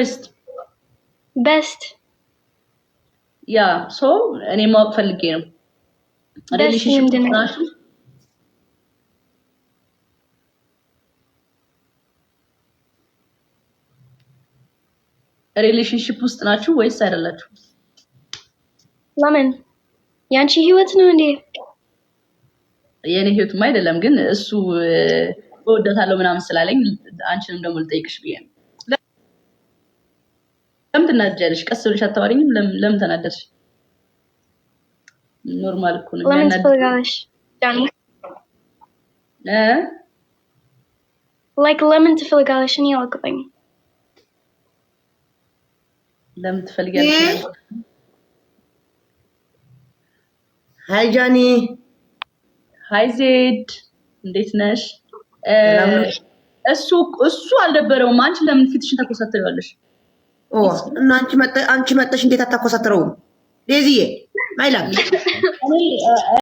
በስት በስት ያ ሶ እኔ ማወቅ ፈልጌ ነው። ሪሌሽንሽፕ ሪሌሽንሽፕ ውስጥ ናችሁ ወይስ አይደላችሁ? ለምን ያንቺ ህይወት ነው እንዴ? የእኔ ህይወትማ አይደለም፣ ግን እሱ እወዳታለሁ ምናምን ስላለኝ አንቺንም ደግሞ ልጠይቅሽ ብዬ ነው። ለምን ትናደጃለሽ? ቀስ ብለሽ አታወሪኝም? ለምን ተናደድሽ? ኖርማል እኮ ነው ላይክ ለምን ትፈልጋለሽ? እኔ አልገባኝም። ለምን ትፈልጊያለሽ? ሀይ ጃኒ፣ ሀይ ዜድ፣ እንዴት ነሽ? እሱ እሱ አልነበረውም። አንቺ ለምን ፊትሽን ተኮሳትሪዋለሽ? አንቺ መጠሽ እንዴት አታኮሳትረውም ዴዚዬ? ማይላ